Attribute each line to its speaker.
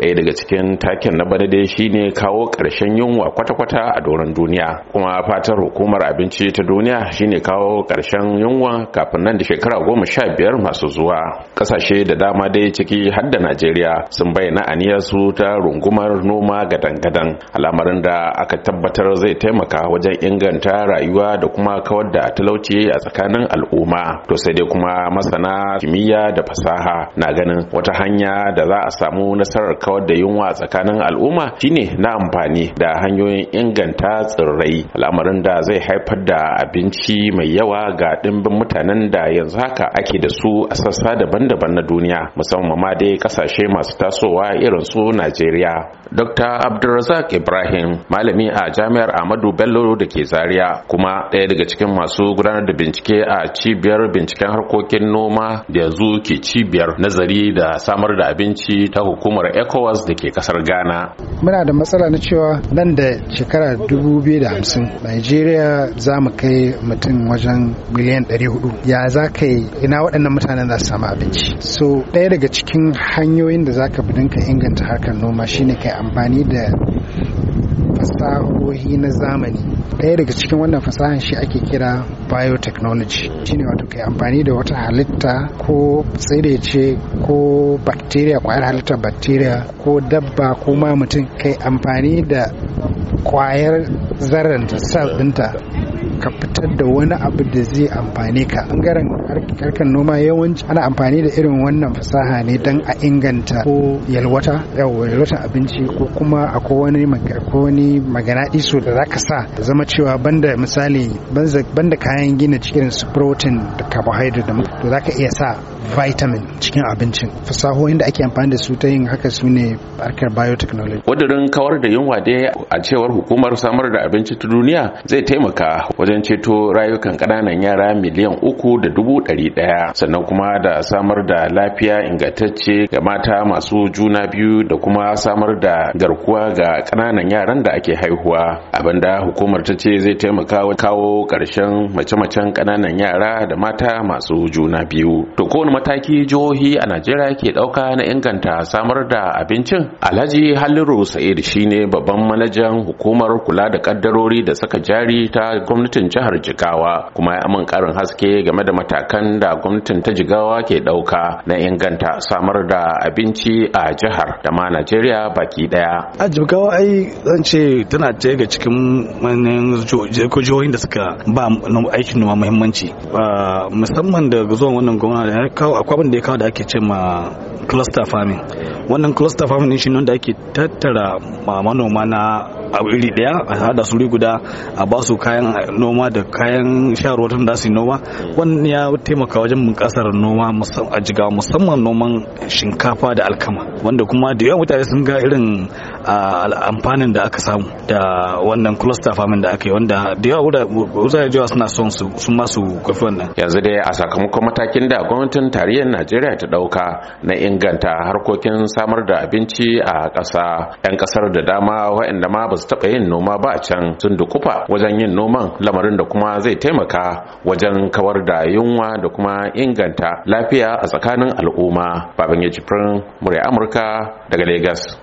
Speaker 1: ɗaya daga cikin taken na bana dai shine kawo ƙarshen yunwa kwata-kwata a doron duniya kuma fatar hukumar abinci ta duniya shine kawo ƙarshen yunwa kafin nan da shekara goma sha biyar masu zuwa ƙasashe da dama dai ciki har da najeriya sun bayyana aniyarsu ta rungumar noma gadan-gadan al'amarin da aka tabbatar zai taimaka wajen inganta rayuwa da kuma kawar da talauci a tsakanin al'umma to sai dai kuma masana kimiyya da fasaha na ganin wata hanya da za a samu nasarar kawar da yunwa tsakanin al'umma shine na amfani da hanyoyin inganta tsirrai al'amarin da zai haifar da abinci mai yawa ga ɗimbin mutanen da yanzu haka ake da su a sassa daban-daban na duniya musamman ma dai kasashe masu tasowa irin su Najeriya. Dr. Abdulrazak Ibrahim malami a jami'ar Ahmadu Bello da ke Zaria kuma ɗaya daga cikin masu gudanar da bincike a cibiyar binciken harkokin noma da yanzu ke cibiyar nazari da samar da abinci ta hukumar ECO ECOWAS da ke kasar Ghana.
Speaker 2: Muna da matsala na cewa nan da shekara 2050 Nigeria za mu kai mutum wajen miliyan 400 ya za ka yi ina waɗannan mutanen za su samu abinci. So ɗaya daga cikin hanyoyin da za ka bi dinka inganta harkar noma shine kai amfani da fasahohi na zamani ɗaya daga cikin wannan fasahan shi ake kira biotechnology shine wato kai amfani da wata halitta ko tsire ce ko bacteria kwayar halittar bacteria ko dabba ko ma mutum kai amfani da kwayar zarranta sel ɗinta ka fitar da wani abu da zai amfane ka bangaren harkar noma yawanci ana amfani da irin wannan fasaha ne don a inganta ko yalwata yalwata abinci ko kuma a wani wani magana iso da zaka sa zama cewa banda misali banda kayan gina cikin su protein da carbohydrate da to zaka iya sa vitamin cikin abincin fasahohin da ake amfani da su ta yin haka su ne harkar biotechnology
Speaker 1: kawar da yunwa dai a cewar hukumar samar da abinci ta duniya zai taimaka wajen ceto rayukan ƙananan yara miliyan uku da dubu ɗari ɗaya sannan kuma da samar da lafiya ingantacce ga mata masu juna biyu da kuma samar da garkuwa ga ƙananan yaran da ake haihuwa abinda hukumar ta ce zai taimaka kawo ƙarshen mace-macen ƙananan yara da mata masu juna biyu to kowane mataki jihohi a najeriya ke ɗauka na inganta samar da abincin alhaji halliru sa'id shine babban manajan hukumar kula da ƙaddarori da saka jari ta gwamnati gwamnatin jihar Jigawa kuma ya amin karin haske game da matakan da gwamnatin ta Jigawa ke dauka na inganta samar da abinci a jihar da ma Najeriya baki daya.
Speaker 3: A Jigawa ai zan ce tana ɗaya ga cikin manyan jihohin da suka ba aikin noma muhimmanci musamman da zuwan wannan gwamna da kawo akwai abin da ya kawo da ake ce ma cluster farming wannan cluster farming shi ne wanda ake tattara manoma na a iri daya a hada su guda a ba su kayan noma da kayan sharuwa tun da su noma wannan ya taimaka wajen bunƙasar noma a jigawa musamman noman shinkafa da alkama wanda kuma da yawan mutane sun ga irin amfanin da aka samu da wannan cluster farming da aka yi wanda da yawa wurare da suna son su sun masu kafi wannan
Speaker 1: yanzu dai a sakamakon matakin da gwamnatin tarayyar najeriya ta dauka na inganta harkokin samar da abinci a ƙasa yan ƙasar da dama waɗanda ma ba su taɓa yin noma ba a can sun dukufa wajen yin noman lamarin da kuma zai taimaka wajen kawar da yunwa da kuma inganta lafiya a tsakanin al'umma baban ya jifin murya amurka daga Legas.